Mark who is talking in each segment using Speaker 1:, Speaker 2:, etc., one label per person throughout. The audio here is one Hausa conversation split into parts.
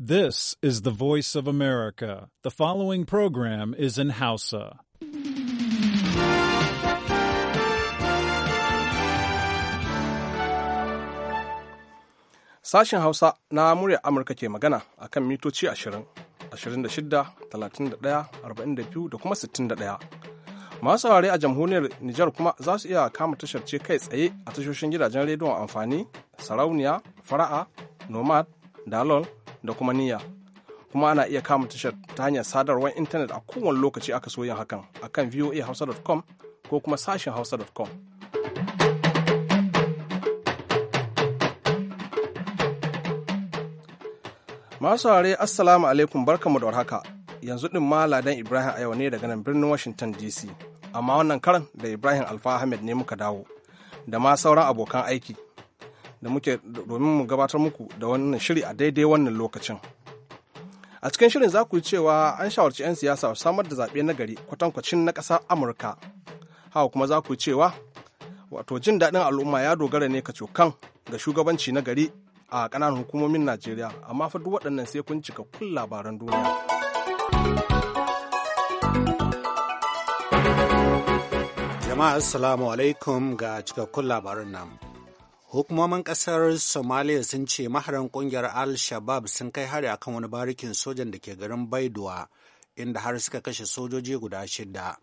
Speaker 1: This is the voice of America. The following program is in Hausa.
Speaker 2: Sashen Hausa na murya Amurka ke magana a kan mitoci 20, 26, 31, 42 da kuma 61. Masu saurari a jamhuriyar Nijar kuma za su iya kama tashar ce kai tsaye a tashoshin gidajen rediyon amfani, sarauniya, fara'a, nomad, dalol, da kuma niyya kuma ana iya kama tashar ta hanyar sadarwar intanet a kowane lokaci aka so yin hakan akan voahausa.com ko kuma sashen hausa.com masu saurare assalamu alaikum barkamu da warhaka yanzu din ma ladan ibrahim a yau ne daga nan birnin washington dc amma wannan karan da ibrahim alfa ahmed ne muka dawo da ma sauran abokan aiki da muke domin mu gabatar muku da wannan shiri a daidai wannan lokacin. A cikin shirin za ku yi cewa an shawarci 'yan siyasa samar da zaɓe na gari kwatankwacin na ƙasar Amurka. Hawa kuma za ku yi cewa wato jin daɗin al'umma ya dogara ne ka cokan ga shugabanci na gari a ƙananan hukumomin Najeriya, amma fa duk waɗannan sai kun cika kun labaran duniya.
Speaker 1: Jama'a Assalamu alaikum ga cikakkun labaran nan. Hukumomin ƙasar Somalia sun ce maharan ƙungiyar Al-Shabab sun kai hari akan wani barikin sojan da ke garin Baiduwa, inda har suka kashe sojoji guda shida.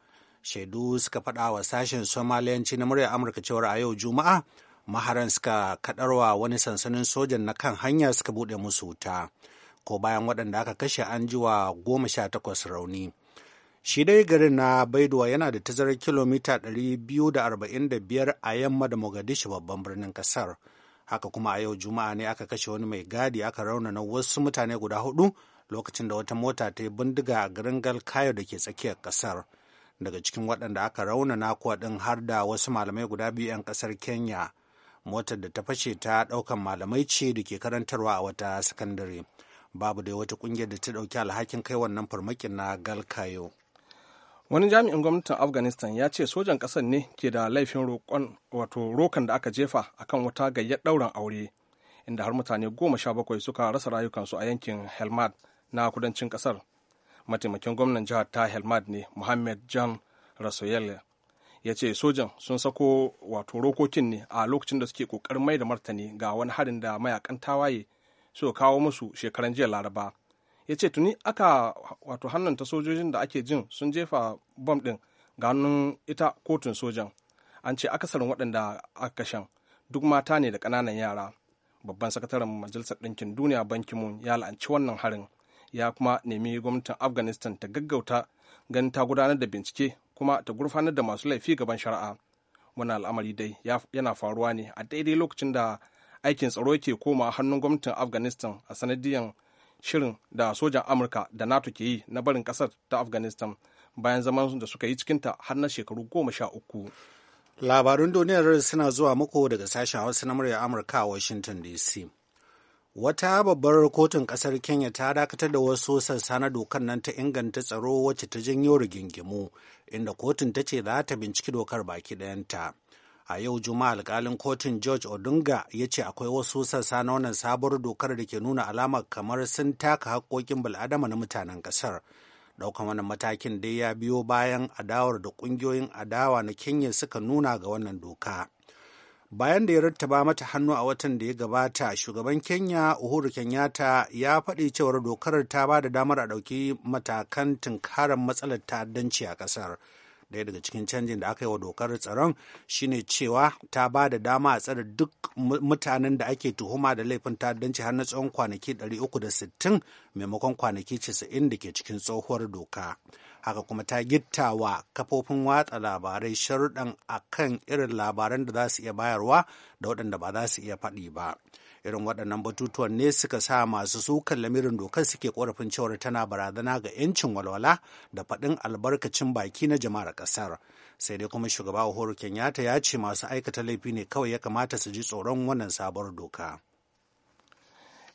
Speaker 1: Shaidu suka faɗa wa sashen Somaliyanci na murya Amurka cewar a yau Juma'a, maharan suka kaɗarwa wani sansanin sojan na kan hanya suka buɗe musu wuta. Ko bayan waɗanda aka kashe an ji wa goma sha takwas rauni. shi dai garin na baidowa yana da tazarar kilomita 245 a yamma da mogadishu babban birnin kasar haka kuma a yau juma'a ne aka kashe wani mai gadi aka raunana wasu mutane guda hudu lokacin da wata mota ta yi bindiga a garin galkayo da ke tsakiyar kasar daga cikin waɗanda aka raunana kuwa ɗin har da wasu malamai guda biyu 'yan ƙasar kenya motar da ta fashe ta ɗaukan malamai ce da ke karantarwa a wata sakandare babu dai wata ƙungiyar da ta ɗauki alhakin kai wannan farmakin na galkayo
Speaker 2: wani jami'in gwamnatin afghanistan ya ce sojan ƙasar ne ke da laifin roƙon wato rokan da aka jefa akan wata gayyar ɗaurin aure inda har mutane goma sha bakwai suka rasa rayukansu a yankin helmad na kudancin ƙasar mataimakin gwamnan jihar ta helmad ne muhammad jan rasoyel ya ce sojan sun sako wato rokokin ne a lokacin da suke ƙoƙarin mai da martani ga wani harin da mayakan tawaye suka kawo musu shekaran jiya laraba ya ce tuni aka wato hannunta sojojin da ake jin sun jefa bom ɗin ga hannun ita kotun sojan an ce akasarin waɗanda aka kashen duk mata ne da ƙananan yara babban sakataren majalisar ɗinkin duniya bankin mu ya la'anci wannan harin ya kuma nemi gwamnatin afghanistan ta gaggauta ganin ta gudanar da bincike kuma ta gurfanar da masu laifi gaban shari'a wannan al'amari dai yana faruwa ne a daidai lokacin da aikin tsaro ke koma hannun gwamnatin afghanistan a sanadiyar. shirin da sojan amurka da nato ke yi na barin kasar ta afghanistan bayan zaman
Speaker 1: da suka yi cikinta har na shekaru goma sha uku labarun duniyar suna zuwa muku daga sashen hausa na murya amurka a washington dc wata babbar kotun kasar kenya ta dakatar da wasu sassa na dokar nan ta inganta tsaro wacce ta janyo rigingimu inda kotun ta ce za ta binciki dokar baki ɗayanta a yau juma'a alkalin kotun george odunga ya ce akwai wasu sassa na wannan sabuwar dokar da ke nuna alama kamar sun taka haƙoƙin bil'adama na mutanen ƙasar ɗaukan wannan matakin dai ya biyo bayan adawar da ƙungiyoyin adawa na kenya suka nuna ga wannan doka bayan da ya rattaba mata hannu a watan da ya gabata shugaban kenya uhuru kenyatta ya faɗi cewar dokar ta ba da damar a ɗauki matakan tunkarar matsalar ta'addanci a ƙasar daya daga cikin canjin da aka yi wa dokar tsaron shine cewa ta ba da dama a tsare duk mutanen da ake tuhuma da laifin ta'addanci har na tsawon kwanaki 360 maimakon kwanaki 90 da ke cikin tsohuwar doka haka kuma ta gitta wa kafofin watsa labarai sharuɗan kan irin labaran da za su iya bayarwa da waɗanda ba za su iya faɗi ba irin waɗannan batutuwan ne suka sa masu sukan lamirin dokar suke korafin cewar tana barazana ga 'yancin walwala da faɗin albarkacin baki na jama'ar ƙasar sai dai kuma shugaba uhuru kenyatta ya ce masu aikata laifi ne kawai ya kamata su ji tsoron wannan sabuwar doka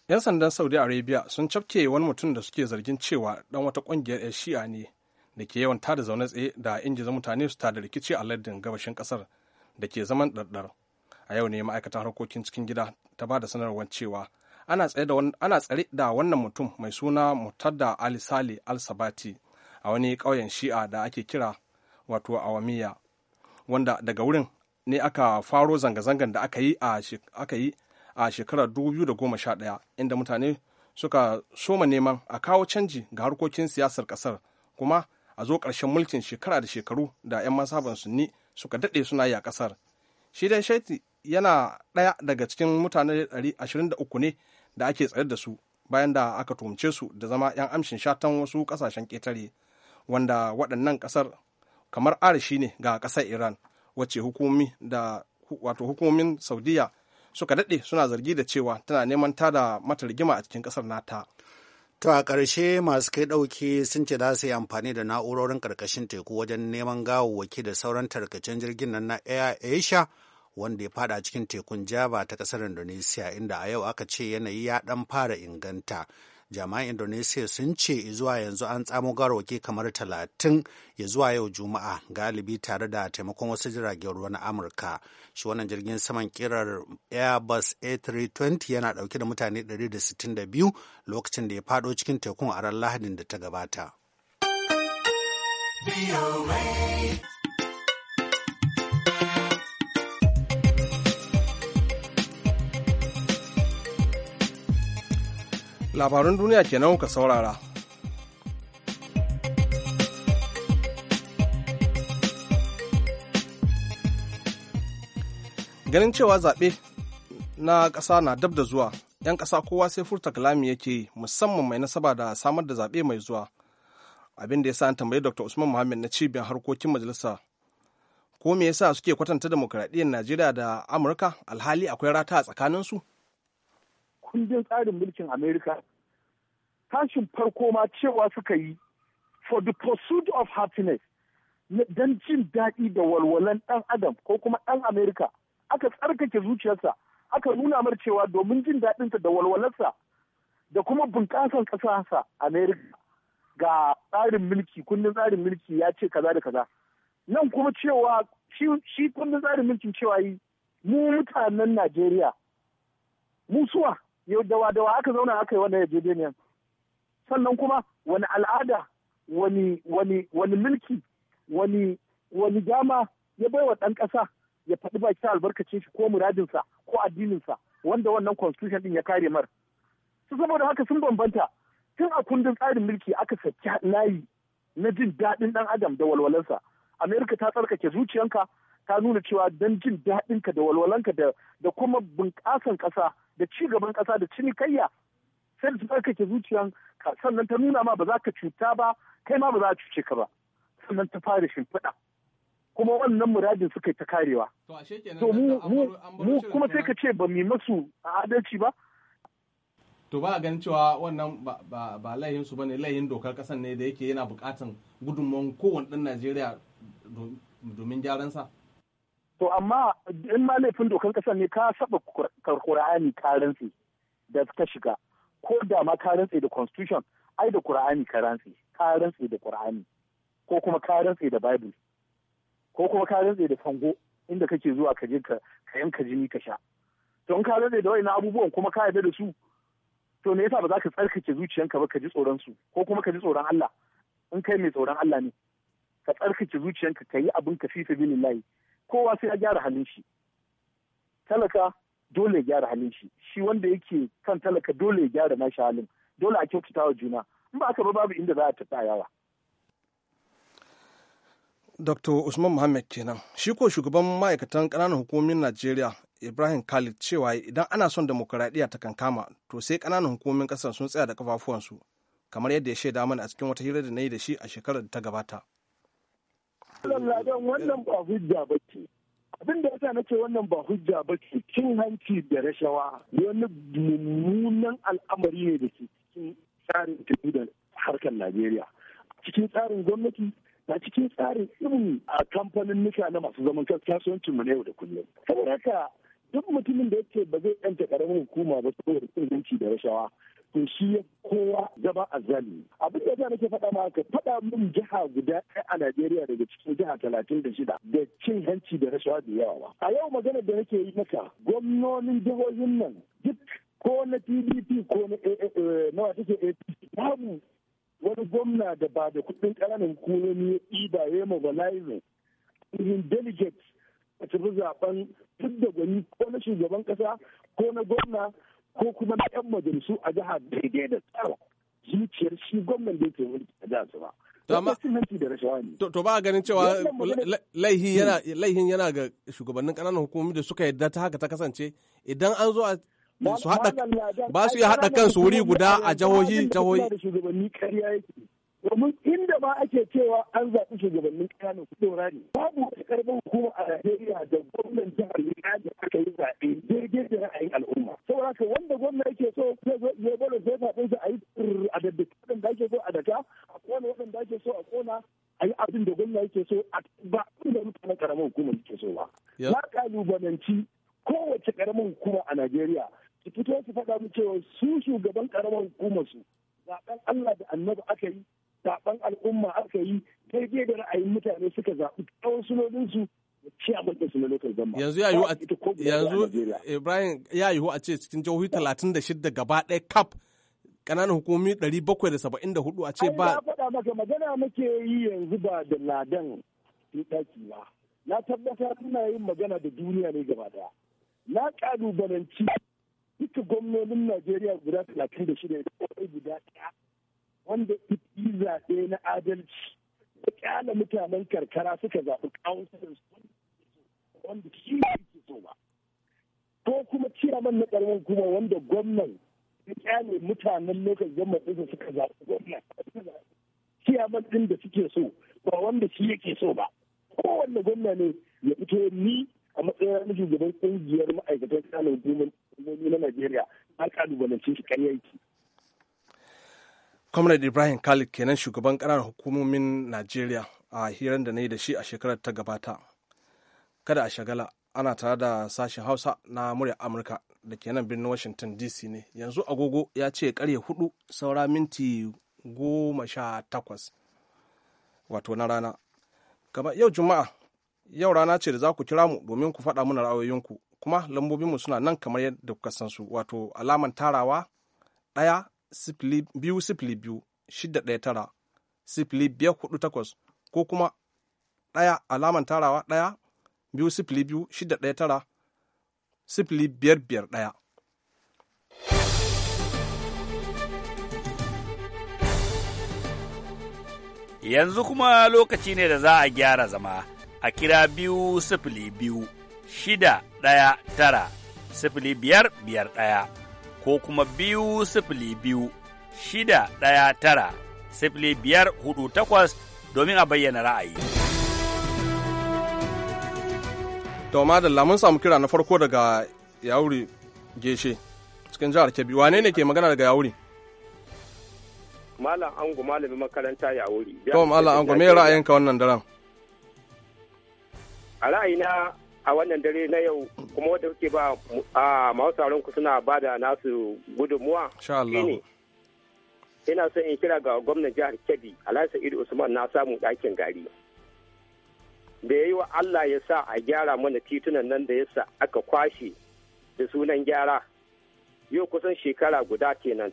Speaker 1: 'yan sandan saudi arabia
Speaker 2: sun cafke wani mutum da suke zargin cewa dan wata ƙungiyar 'yan shi'a ne da ke yawan tada zaune tsaye da ingiza mutane su tada rikici a lardin gabashin ƙasar da ke zaman ɗarɗar a yau ne ma'aikatan harkokin cikin gida ta ba da sanarwar cewa ana tsare da wannan mutum mai suna mutadda ali sale al sabati a wani ƙauyen shi'a da ake kira wato awamiya wanda daga wurin ne aka faro zanga-zangan da aka yi a shekarar 2011 inda mutane suka soma neman a kawo canji ga harkokin siyasar ƙasar kuma a zo ƙarshen mulkin shekara da shekaru da 'yan masaban sunni suka daɗe suna yi a ƙasar shi dai yana ɗaya daga cikin mutane 123 ne da ake tsayar da su bayan da aka tumce su da zama 'yan amshin shatan wasu ƙasashen ƙetare wanda waɗannan ƙasar kamar arishi ne ga ƙasar iran wacce hukumi da wato hukumomin
Speaker 1: saudiya suka daɗe suna zargi da cewa tana neman da mata rigima a cikin ƙasar nata To a ƙarshe masu kai ɗauki sun ce za su yi amfani da na'urorin ƙarƙashin teku wajen neman gawawwaki da sauran tarkacen jirgin nan na Air Asia wanda ya fada cikin tekun java ta kasar indonesia inda a yau aka ce yanayi ya dan fara inganta jama'an indonesia sun ce zuwa yanzu an tsamo garoke kamar talatin ya zuwa yau juma'a galibi tare da taimakon wasu jiragen ruwa na amurka shi wannan jirgin saman kirar airbus a320 yana dauke da mutane 162 lokacin da ya fado cikin tekun a ran lahadin da ta gabata
Speaker 2: labarun duniya kenan kuka saurara. Ganin cewa zaɓe na ƙasa na dab da zuwa, 'yan ƙasa kowa sai furta kalami yake yi musamman mai nasaba da samar da zaɓe mai zuwa. Abin da ya sa an tambayi Dr. Usman Muhammad na cibiyar harkokin majalisa ko me yasa suke kwatanta demokradiyyar Najeriya da Amurka alhali akwai rata a tsakaninsu?
Speaker 3: kundin tsarin mulkin Amerika tashin farko ma cewa suka yi for the pursuit of happiness don jin daɗi da walwalan ɗan adam ko kuma ɗan Amerika aka tsarkake zuciyarsa aka nuna mar cewa domin jin daɗinsa da walwalarsa da kuma bunƙasar ƙasarsa Amerika ga tsarin mulki kundin tsarin mulki ya ce kaza da kaza nan kuma cewa shi kundin tsarin mulkin cewa yi mu mutanen Najeriya mu suwa yau dawa dawa aka zauna aka yi wannan yarjejeniyar sannan kuma wani al'ada wani wani wani mulki wani dama ya bai wa ɗan ƙasa ya faɗi baki albarkacin shi ko muradinsa ko addininsa wanda wannan constitution ɗin ya kare mar su saboda haka sun bambanta tun a kundin tsarin mulki aka saki layi na jin daɗin ɗan adam da walwalansa amerika ta tsarkake zuciyanka ta nuna cewa don jin daɗinka da walwalanka da kuma bunƙasan ƙasa da ci gaban kasa da cinikayya sai da ka ke zuciyan sannan ta nuna ma ba za ka cuta ba kai ma ba za a cuce ka ba sannan ta fara shimfiɗa kuma wannan muradin suka yi ta karewa to mu kuma sai ka ce ba mu masu adalci ba
Speaker 2: to ba ganin cewa wannan ba layin su bane layin dokar kasan ne da yake yana bukatan gudunmawan kowane ɗan Najeriya domin gyaransa sa
Speaker 3: to amma in ma laifin dokar kasar ne ka saba kur'ani ka rantse da ka shiga ko da ma ka rantse da constitution ai da kur'ani ka rantse ka rantse da kur'ani ko kuma ka rantse da bible ko kuma ka rantse da fango inda kake zuwa ka je ka yanka jini ka sha to in ka rantse da wayannan abubuwan kuma ka yarda da su to me yasa ba za ka tsarkake zuciyanka ba ka ji tsoron su ko kuma ka ji tsoron Allah in kai mai tsoron Allah ne ka tsarkake zuciyanka ka yi abin ka fi binillahi kowa sai ya gyara halin shi talaka dole ya gyara halin shi shi wanda yake kan talaka dole ya gyara nashi halin dole a kyautata wa juna in ba aka ba babu inda za a tafi a yawa
Speaker 2: Dr. Usman Muhammad kenan shi ko shugaban ma'aikatan ƙananan hukumomin Najeriya Ibrahim Khalid cewa idan ana son demokuraɗiyya ta kankama to sai ƙananan hukumomin ƙasar sun tsaya da kafafuwansu kamar yadda ya shaida mana a cikin wata hira da na yi da shi a shekarar da ta gabata.
Speaker 3: Ladan wannan ba hujja ba ce. Abin da yasa na ce wannan ba hujja ba ce cin hanci da rashawa wani mummunan al'amari ne da ke cikin tsarin tafi da harkar Najeriya. Cikin tsarin gwamnati na cikin tsarin ilimi a kamfanin nika na masu zaman kasuwancin mu na yau da kullum. Saboda haka duk mutumin da ya ce ba zai ɗanta ƙaramin hukuma ba saboda cin hanci da rashawa to shi ya kowa zama a zali abin da nake faɗa ma ka faɗa min jiha guda ɗaya a najeriya daga cikin jiha talatin da shida da cin hanci da rashawa da yawa a yau maganar da nake yi maka gwamnonin jihohin nan duk ko na pdp ko na eh, eh, nawa take apc babu wani gwamna da ba da kuɗin ƙananan hukumomi ya ɗiba ya mobilize in delegate a tafi zaben duk da gwani ko na shugaban ƙasa ko na gwamna ko kuma na 'yan majalisu a jiha daidai da tsara
Speaker 2: zuciyar shi gwamnan da yake mulki a jihar ba. To ba ganin cewa laihin yana ga shugabannin ƙananan hukumomi da suka yarda ta haka ta kasance idan an zo su haɗa
Speaker 3: ba su iya haɗa kansu wuri guda a jihohi jihohi. domin inda ba ake cewa an zaɓi shugabannin ƙananan kuɗin rani babu wani ƙarfin hukuma a Najeriya da gwamnan jihar Niger aka yi zaɓe daidai da ra'ayin al'umma saboda haka wanda gwamna yake so zai zo ya gwada zai zaɓe sa a yi a daddaka waɗanda ake so a daka a kona waɗanda ake so a kona a yi abin da gwamna yake so a ba inda mutanen ƙaramin hukumar yake so ba. Na ƙalubalanci kowace ƙaramin hukuma a Najeriya su fito su faɗa mu cewa su shugaban ƙaramin hukumar su zaɓen Allah da annabi aka yi zaben al'umma aka yi daidai da ra'ayin mutane suka zaɓi tsawon sunoninsu a bakin na lokacin zama. Yanzu ya yanzu
Speaker 2: Ibrahim ya yiwu a ce cikin jihohi talatin da shida gaba ɗaya kaf ƙananan hukumomi ɗari bakwai da saba'in da hudu a ce ba. Na
Speaker 3: faɗa maka magana muke yi yanzu ba da ladan ɗaki ba. Na tabbata suna yin magana da duniya ne gaba ɗaya. Na ƙalubalanci duka gwamnonin Najeriya guda talatin da shida da guda ɗaya wanda yi zaɓe na adalci da kyala mutanen karkara suka zaɓi su. wanda shi ne ke so ba ko kuma ciyaman na ƙarfin kuma wanda gwamnan ya kyale mutanen lokacin gwamnan ɗinsa suka zaɓi gwamnan ciyaman ɗin da suke so ba wanda shi yake so ba kowanne gwamna ne ya fito ni a matsayin na shugaban ƙungiyar ma'aikatan kanin hukumomi na Najeriya na kalubalance shi ƙarya yake.
Speaker 2: comrade ibrahim khalid kenan shugaban ƙananan hukumomin najeriya a hirar da na yi da shi a shekarar ta gabata kada a shagala ana tare da sashen hausa na murya amurka da kenan birnin washington dc ne yanzu agogo ya ce karye hudu saura minti goma sha takwas wato na rana kamar yau juma'a yau rana ce da za ku kira mu domin ku faɗa mana ra'ayoyinku kuma lambobinmu suna nan kamar yadda kuka san su wato alamar tarawa ɗaya biyu shida ɗaya tara sifili biyar hudu takwas ko kuma ɗaya alaman tarawa ɗaya biyu sifili biyu shida ɗaya tara
Speaker 4: sifili biyar biyar ɗaya. Yanzu kuma lokaci ne da za a
Speaker 5: gyara zama a kira biyu sifili biyu shida ɗaya tara sifili biyar biyar ɗaya. ko kuma biyu sifili biyu shida ɗaya tara sifili biyar hudu takwas domin a bayyana ra'ayi.
Speaker 2: ma da lamun samu kira na farko daga yawuri geshe cikin jihar Kebbi wane ne ke magana daga yawuri?
Speaker 5: Malam Ango malamin makaranta yawuri. Tom Malam Angu me ra'ayinka wannan daren? A ra'ayina a wannan dare na yau kuma wadda kuke ba a mahausaren ku suna ba da nasu gudunmuwa shine ina son in kira ga gwamnan jihar Kebbi Alhaji Sa'idu Usman na samu ɗakin gari da ya yi wa Allah ya sa a gyara mana titunan nan da yasa aka kwashe da sunan gyara yau kusan shekara guda kenan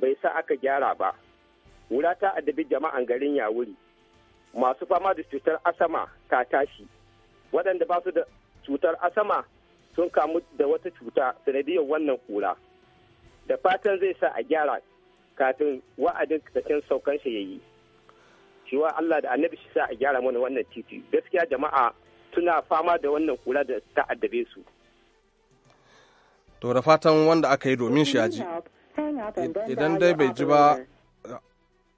Speaker 5: bai sa aka gyara ba wura ta addabi jama'an garin yawuri masu fama da cutar asama ta tashi waɗanda ba su da cutar asama sun kamu da wata cuta sanadiyar wannan kura da fatan zai sa a gyara kafin wa'adin kakin saukan shi yayi cewa Allah da annabi shi sa a gyara mana wannan titi gaskiya jama'a suna fama da wannan kura da ta addabe su
Speaker 2: to da fatan wanda aka yi domin shi aji idan dai bai ji ba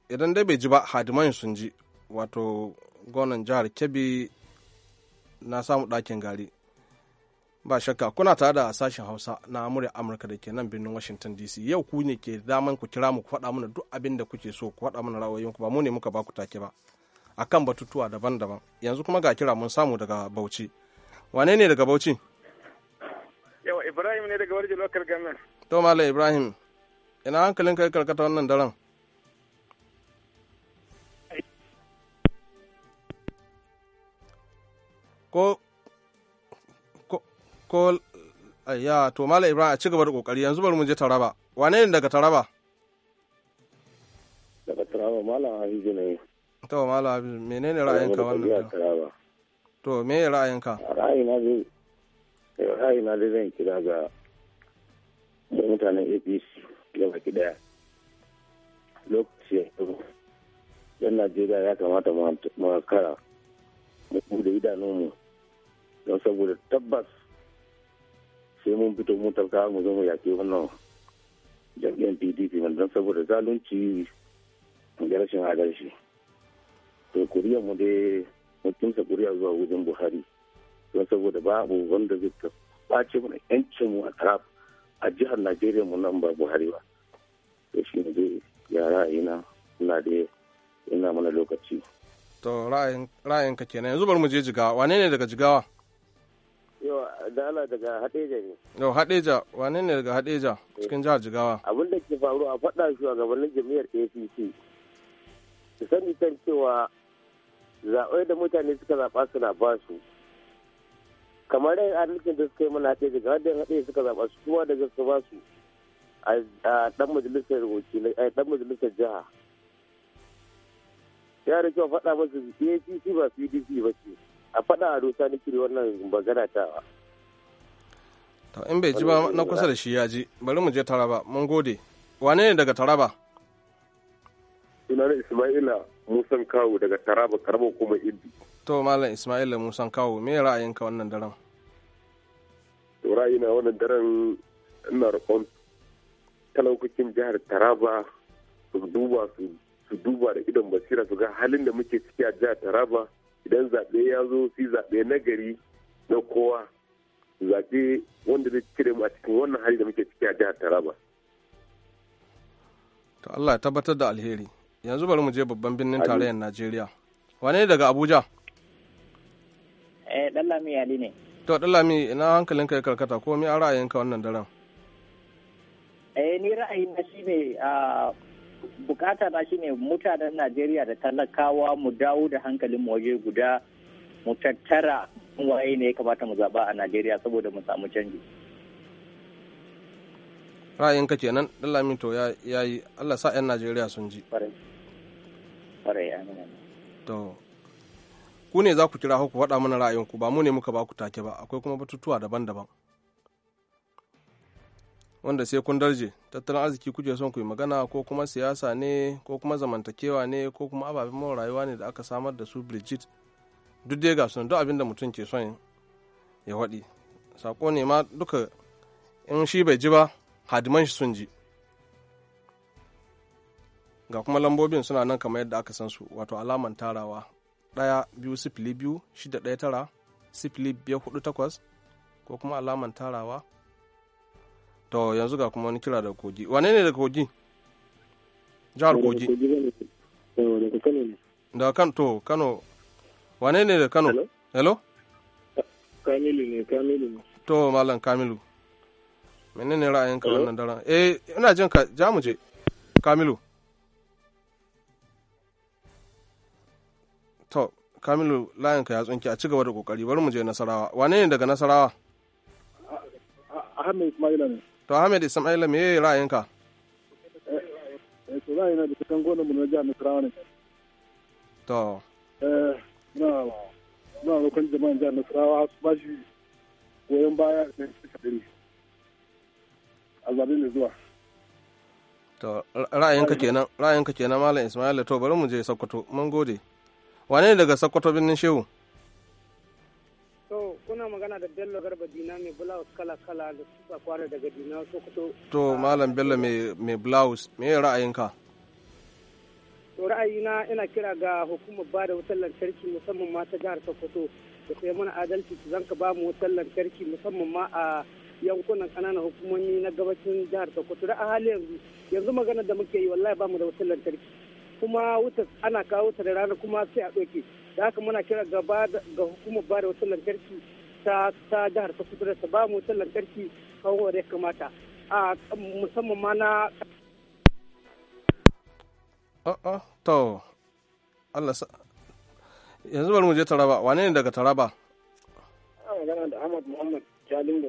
Speaker 2: idan dai bai ji ba hadiman sun ji wato gonan jihar kebbi na samu ɗakin gari ba shakka kuna tare da sashen hausa na amurya amurka da ke nan birnin washington dc yau ku ne ke daman ku kira mu ku faɗa mana duk abin da kuke so ku faɗa mana ra'ayoyinku ba mu ne muka ba ku take ba akan batutuwa daban-daban yanzu kuma ga kira mun samu daga bauchi wane ne daga bauchi
Speaker 5: yau ibrahim ne daga wajen local gamen.
Speaker 2: to malam ibrahim ina hankalin kai karkata wannan daren ko ko ya to mala ibrahim a ci gaba da kokari yanzu bari mu je taraba wane ne daga taraba
Speaker 5: daga taraba mala hafizu ne
Speaker 2: to mala hafizu menene ra'ayinka wannan to me ra'ayinka
Speaker 5: ra'ayina dai ra'ayina dai zan kira ga mutanen apc gaba baki daya lokaci ya yan najeriya ya kamata mu kara mu da idanunmu don saboda tabbas sai mun fito mun talka mu zo mu yaƙi wannan jam'iyyar pdp man don saboda zalunci da rashin adalci to kuriya mu dai mutumsa kuriya zuwa wajen buhari don saboda babu wanda zai ɓace mana yancin mu a taraf a jihar najeriya mu nan ba buhari ba to shi ne dai yara ina ina dai ina mana lokaci
Speaker 2: to ka kenan yanzu bari mu je jigawa wane ne daga jigawa
Speaker 5: Dala daga Hadeja ne.
Speaker 2: Yau Hadeja, wane ne daga Hadeja cikin jihar Jigawa?
Speaker 5: Abin da ke faru a faɗa shi a gabanin jami'ar APC. Su sani kan cewa zaɓe da mutane suka zaɓa suna ba su. Kamar yin adalcin da suka yi mana Hadeja, ga wadda Hadeja suka zaɓa su kuma daga su ba su a ɗan majalisar wakilai, a ɗan majalisar jiha. Ya da kyau faɗa masu APC ba PDP ba ce. a faɗa a rusa nake wannan magana ta
Speaker 2: to in bai ji ba na kusa da shi ya ji bari mu je taraba mun gode wane ne daga taraba
Speaker 5: sunana ismaila musan kawo daga taraba karama kuma indi
Speaker 2: to malam ismaila musan kawo me ra'ayinka wannan daren
Speaker 5: to ra'ayina wannan daren ina roƙon talaukakin jihar taraba su duba su duba da idon basira su ga halin da muke ciki a jihar taraba idan zaɓe ya zo su zaɓe na gari na kowa zaɓe wanda zai cire mu a cikin wannan hali da muke ciki a jihar Taraba.
Speaker 2: To Allah ya tabbatar da alheri. Yanzu bari mu je babban birnin tarayyar Najeriya. Wane ne daga Abuja?
Speaker 5: Eh, Lami Ali ne.
Speaker 2: To Lami, ina hankalin ya karkata ko mi ra'ayinka wannan daren?
Speaker 5: Eh, ni ra'ayi na shine a bukata na ne mutanen Najeriya da talakawa mu dawo da hankalin mu waje guda mu tattara waye ne ya kamata mu zaba a Najeriya saboda mu samu canji.
Speaker 2: ra'ayin Ra'ayinka kenan Dallami to ya yi Allah sa 'yan Najeriya sun ji. To, ku ne za ku kira ku faɗa mana ra'ayin ku ba mu ne muka ba ku take ba akwai kuma batutuwa daban-daban. Wanda sai kun darje tattalin arziki kuke son ku yi magana ko kuma siyasa ne ko kuma zamantakewa ne ko kuma ababen mawa rayuwa ne da aka samar da su Brigitte duk dai ga sunan duk abin da mutum ke son ya waɗi saƙo ne ma duka in shi bai ji ba hadiman shi sun ji ga kuma lambobin suna nan kamar yadda aka san su wato alaman tarawa ɗaya biyu sifili biyu shida ɗaya tara sifili biyar hudu takwas ko kuma alaman tarawa to yanzu ga kuma wani kira da kogi wane ne da kogi jihar kogi daga kan to kano wane ne da kano hello
Speaker 5: kamilu ne kamilu ne
Speaker 2: to malam kamilu menene ra'ayinka wannan daren eh ina jin ka ja mu je kamilu to kamilu layinka ya tsunki a ci gaba da kokari bari mu je nasarawa wane ne daga nasarawa
Speaker 3: ahmed ismaila ne
Speaker 2: to ahmed ismaila me ra'ayinka
Speaker 3: eh, eh to ra'ayina da kan gona mu na ja nasarawa ne to eh na da jama'an su ba shi goyon baya da suka ba a da zuwa
Speaker 2: to ra'ayinka kenan ra'ayinka kenan malam ismail to bari mu je sokoto mun gode wane daga sokoto birnin shehu
Speaker 5: to kuna magana da bello garba dina mai blouse kala kala da suka kwana daga dina sokoto
Speaker 2: to malam bello ah, mai blouse me ra'ayinka
Speaker 5: to ra'ayina ina kira ga hukumar ba da wutar lantarki musamman ma ta jihar sokoto da sai mana adalci su zanka ba mu wutar lantarki musamman ma a yankunan kananan hukumomi na gabashin jihar sokoto da a hali yanzu yanzu magana da muke yi wallahi ba mu da wutar lantarki kuma wutar ana kawo ta da rana kuma sai a ɗauke da haka muna kira ga hukumar ba da wutar lantarki ta ta jihar sokoto da ta ba mu wutar lantarki kawo da ya kamata a musamman ma na
Speaker 2: a'a to Allah sa yanzu bari mu je Taraba wane ne daga Taraba
Speaker 5: magana da Ahmad Muhammad Jalingo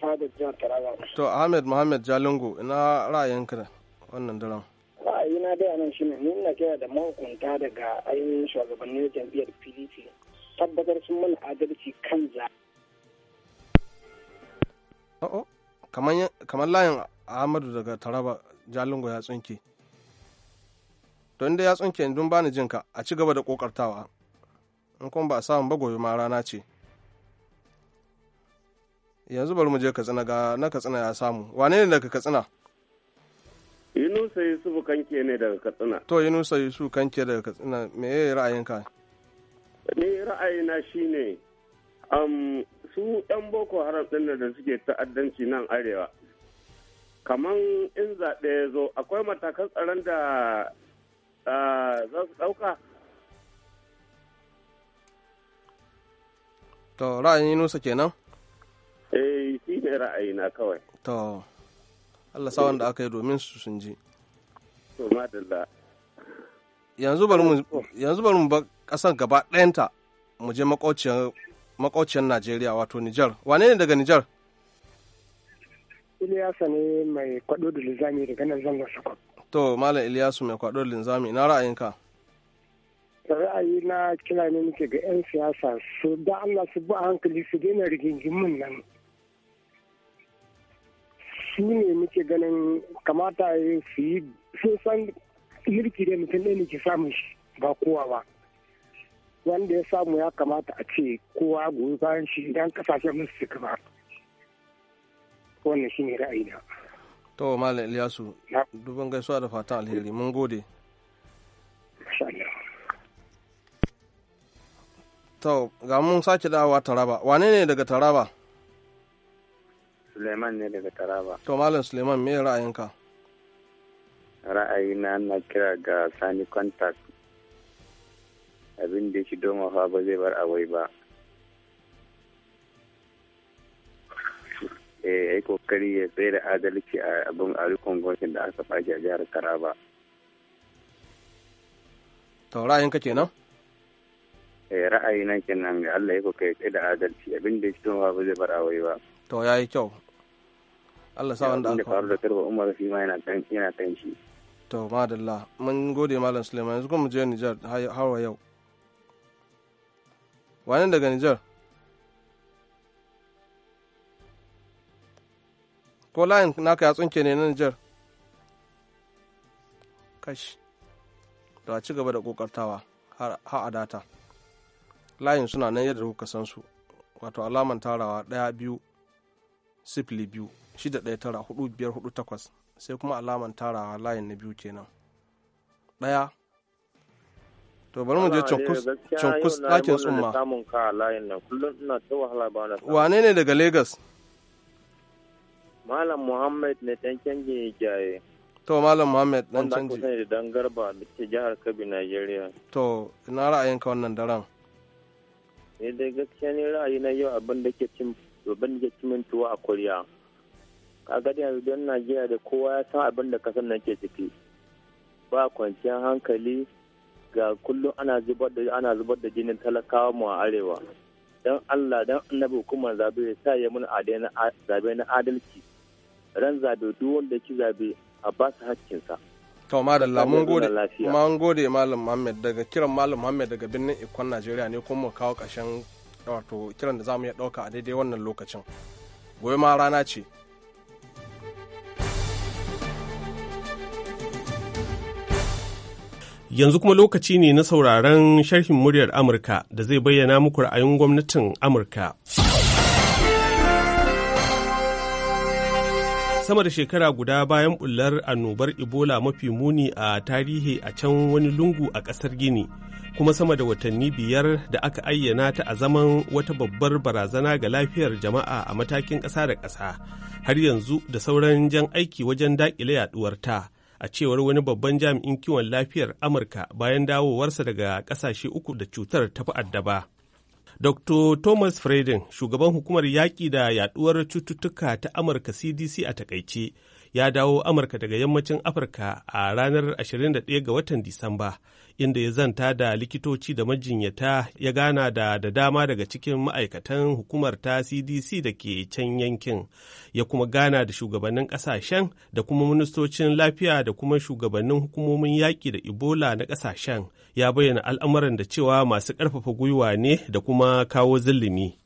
Speaker 5: fadar jihar Taraba
Speaker 2: to Ahmed Muhammad Jalingo ina ra'ayin da wannan daren
Speaker 5: ra'ayina dai anan shine ni na kira da mahukunta daga ainihin shugabannin jam'iyyar PDP tabbatar sun mana adalci kan za
Speaker 2: kamar layin Ahmadu daga Taraba Jalingo ya tsinke. don da ya tsunke ba bani jinka a ci gaba da kokartawa in kuma ba a samu ba gobe ma rana ce yanzu bari mu je katsina ga na katsina ya samu wane ne daga katsina
Speaker 5: yunusa yusufu kanke ne daga katsina
Speaker 2: to yunusa yusufu kanke daga katsina me ya ra'ayinka
Speaker 5: ni ra'ayina shine um, su yan boko haram ɗin da suke ta'addanci nan arewa kaman in zaɓe ya zo akwai matakan tsaron da Ah, za su ɗauka
Speaker 2: to ra'ayin nusa kenan
Speaker 5: eh shi ne ra'ayina kawai
Speaker 2: to Allah sawan da aka yi domin su sun ji
Speaker 5: to madalla
Speaker 2: yanzu bari mu yanzu bari mu ba kasar gaba ɗayanta mu je makwaciyar Najeriya wato Nijar wane ne daga Nijar
Speaker 3: Iliyasa ne mai kwado da lizami daga nan zangon Sokoto
Speaker 2: to malam iliyasu mai kwaɗo linzami na ra'ayinka
Speaker 3: ra'ayi na kira ne muke ga 'yan siyasa su da allah su a hankali su daina rigingimin nan su ne muke ganin kamata su yi sun san mulki da mutum ne ke samun shi ba kowa ba wanda ya samu ya kamata a ce kowa goyi bayan shi idan kasashen musu su ba
Speaker 5: wannan ne ra'ayi na
Speaker 2: to malam Ilyasu duban gaisuwa da fatan alheri mun gode to ga mun sake dawa taraba wane ne daga taraba
Speaker 5: suleiman ne daga taraba
Speaker 2: to malam suleiman me ra'ayinka
Speaker 5: ra'ayina ana kira ga sani contact abin da shi doma fa ba zai bar awai ba ya eh, yi kokari ya tsaye da adalci a abin arikon gwamnatin da aka fage a jihar taraba
Speaker 2: to ra'ayinka kenan
Speaker 5: eh, ra'ayi na kenan ga Allah ya kokari tsaye da adalci abin da ya tunawa ba zai bar awai ba to ya yi kyau Allah sa wanda aka faru da karba Umar fi ma yana kan shi
Speaker 2: to madalla mun gode malam Suleiman yanzu kuma mu je Nijar har yau wani daga Nijar ko layin naka ya tsunke ne na Nijar kashi da a ci gaba da kokartawa har a data layin suna nan yadda kuka san su wato alaman tarawa ɗaya biyu sifili biyu shida ɗaya tara hudu biyar hudu takwas sai kuma alaman tarawa layin na biyu kenan ɗaya to bari mu je cunkus ɗakin tsumma wane ne daga Legas?
Speaker 5: Malam Muhammad ne ɗan ne jaye.
Speaker 2: To Malam Muhammad ɗan canji. Wanda
Speaker 5: kusa da dan garba da ke jihar Kabi, Najeriya.
Speaker 2: To ina ra'ayinka wannan daren?
Speaker 5: Ni eh, dai gaskiya ne ra'ayi na yau abin da ke cin abin da ke cin tuwa a Koriya. Kaga da yanzu don Najeriya da kowa ya san abin da kasan nan ke ciki. Ba kwanciyar hankali ga kullum ana zubar da ana zubar da jinin talakawa mu a arewa. Don Allah don annabi hukumar zabe ya sa ya mun zabe na adalci. ran zabe duk wanda ki zabe a ba su haƙƙinsa
Speaker 2: to madalla mun gode mun gode malam Muhammad daga kiran malam Muhammad daga birnin Ikon Najeriya ne kuma mu kawo ƙarshen wato kiran da zamu iya ɗauka a daidai wannan lokacin gobe ma rana ce
Speaker 4: yanzu kuma lokaci ne na sauraron sharhin muryar Amurka da zai bayyana muku ra'ayin gwamnatin Amurka. sama da shekara guda bayan bullar annobar ebola mafi muni a tarihi a can wani lungu a ƙasar gini kuma sama da watanni biyar da aka ayyana ta a zaman wata babbar barazana ga lafiyar jama'a a matakin ƙasa da ƙasa har yanzu da sauran jan aiki wajen daƙile yaɗuwarta a cewar wani babban jami'in kiwon lafiyar amurka bayan dawowarsa daga ƙasashe uku da cutar ta fi addaba. Dr. Thomas Frieden, shugaban hukumar yaƙi da yaɗuwar cututtuka ta Amurka CDC a takaice, ya dawo Amurka daga yammacin Afirka a ranar 21 ga watan Disamba, inda ya zanta da likitoci da majinyata ya gana da da dama daga cikin ma'aikatan hukumar ta cdc da ke can yankin ya kuma gana da shugabannin kasashen da kuma ministocin lafiya da kuma shugabannin hukumomin yaƙi da ebola na kasashen ya bayyana al'amuran da cewa masu ƙarfafa gwiwa ne da kuma kawo zillimi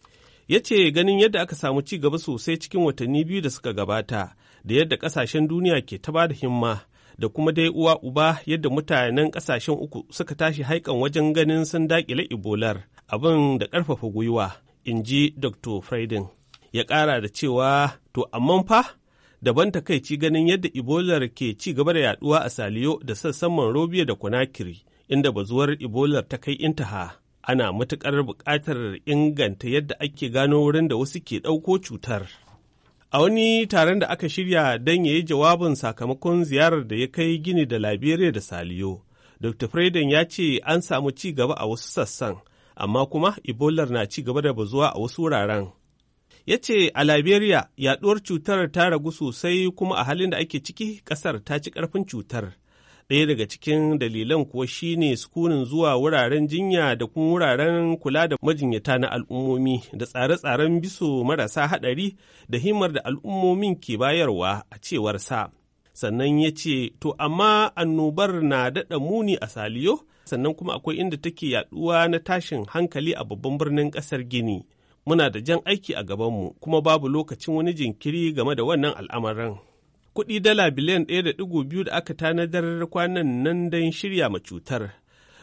Speaker 4: ya ce ganin yadda aka samu ci gaba sosai cikin watanni biyu da suka gabata da yadda ƙasashen duniya ke ta ba da himma da kuma dai uwa uba yadda mutanen kasashen uku suka tashi haikan wajen ganin sun dakile ibolar abin da karfafa gwiwa in ji dr friedin ya kara da cewa to amman fa daban takaici ganin yadda ibolar ke ci gaba da yaduwa a saliyo da sassan monrovia da kunakiri inda bazuwar ibolar ta kai intaha ana matuƙar buƙatar inganta yadda ake gano wurin da wasu ke ɗauko cutar A wani taron da aka shirya don ya yi jawabin sakamakon ziyarar da ya kai Gini da Liberia da Saliyo, Dr. Freden ya ce an samu ci gaba a wasu sassan, amma kuma Ebola na ci gaba da bazuwa a wasu wuraren. Ya ce a Liberia yaɗuwar cutar ta ragu sosai kuma a halin da ake ciki ƙasar ta ci ƙarfin cutar. ɗaya daga cikin dalilan kuwa shine sukunin zuwa wuraren jinya da kuma wuraren kula da majinyata na al'ummomi da tsare-tsaren biso marasa haɗari da himar da al'ummomin ke bayarwa a cewarsa, sannan ya ce to amma annobar na daɗa muni a saliyo sannan kuma akwai inda take yaɗuwa na tashin hankali a babban birnin ƙasar gini muna da jan aiki a gabanmu kuma babu lokacin wani jinkiri game da wannan al'amarin. kuɗi dala biliyan ɗaya da ɗigo biyu da aka tanadar kwanan nan don shirya ma cutar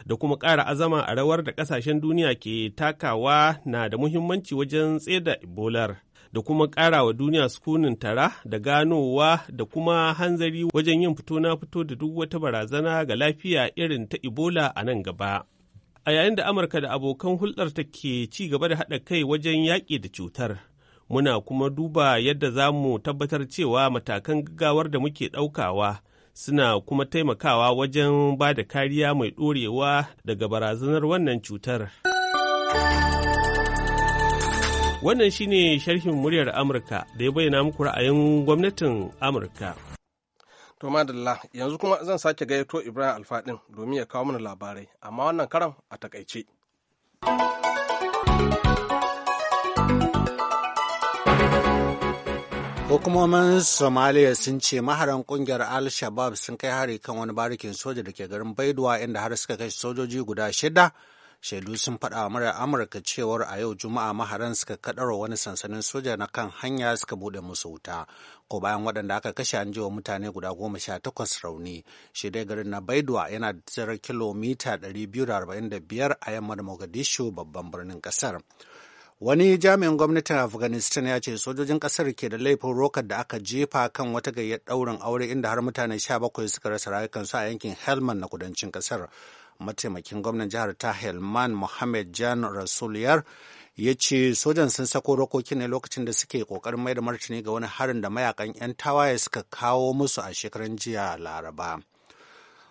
Speaker 4: da kuma ƙara azama a rawar da ƙasashen duniya ke takawa na da muhimmanci wajen tseda ibolar da kuma ƙara wa duniya sukunin tara da ganowa da kuma hanzari wajen yin fito na fito da duk wata barazana ga lafiya irin ta ibola a nan gaba a yayin da amurka da abokan hulɗar ta ke ci gaba da haɗa kai wajen yaƙi da cutar muna kuma duba yadda za mu tabbatar cewa matakan gaggawar da muke ɗaukawa suna kuma taimakawa wajen ba da kariya mai ɗorewa daga barazanar wannan cutar. Wannan shi ne sharhin muryar Amurka da ya bayyana muku ra'ayin gwamnatin Amurka.
Speaker 2: To madalla yanzu kuma zan sake gayyato Ibrahim Alfaɗin domin ya kawo mana labarai, amma wannan karan a takaice.
Speaker 1: Hukumomin Somalia sun ce maharan kungiyar Al-Shabaab sun kai hari kan wani barikin soja da ke garin Baidowa inda har suka kashe sojoji guda shida. Shaidu sun faɗa wa murar Amurka cewar a yau Juma'a maharan suka kaɗarwa wani sansanin soja na kan hanya suka buɗe musu wuta. Ko bayan waɗanda aka kashe an ji wa mutane guda goma sha takwas rauni. Shi dai garin na Baidowa yana da kilomita biyar a yamma da Mogadishu babban birnin ƙasar. Wani jami'in gwamnatin Afghanistan ya ce sojojin ƙasar ke da laifin rokar da aka jefa kan wata gayyar ɗaurin aure inda har mutane 17 suka rasa rayukansu a yankin Helmand na kudancin ƙasar. Mataimakin gwamnan jihar ta Helmand Mohammed Jan Rasuliyar ya ce sojan sun sako rokoki ne lokacin da suke kokarin mai da martani ga wani harin da mayakan 'yan tawaye suka kawo musu a shekaran jiya laraba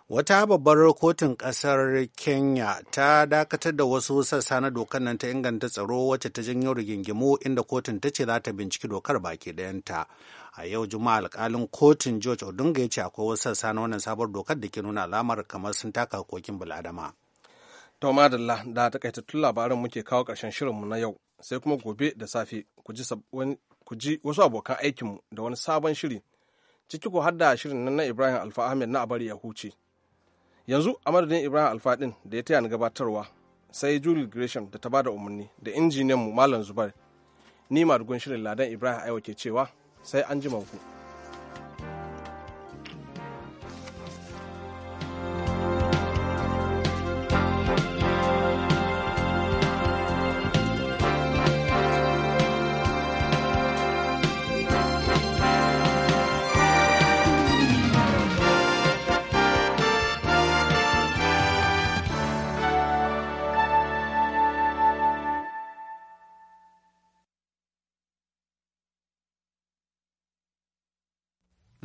Speaker 1: Wata babbar kotun ƙasar Kenya ta dakatar da wasu sassa na dokar nan ta inganta tsaro wacce ta janyo rigingimu inda kotun ta ce za ta binciki dokar baki dayanta A yau Juma'a alkalin kotun George Odunga ya ce akwai wasu sassa na wannan sabon dokar da ke nuna alamar kamar sun taka hakokin bil'adama. To madalla da ta tun labaran muke kawo
Speaker 2: shirin shirinmu na yau sai kuma gobe da safe ku ji wasu abokan aikinmu da wani sabon shiri ciki ko har da shirin nan na Ibrahim Alfa na abari ya huce. yanzu a madadin ibrahim alfaɗin da ya taya ni gabatarwa sai julie gresham da ta bada umarni da injiniyan mu malam zubar ni madugun shirin ladan ibrahim aiwa ke cewa sai an ji ku.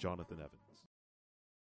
Speaker 4: Jonathan Evans.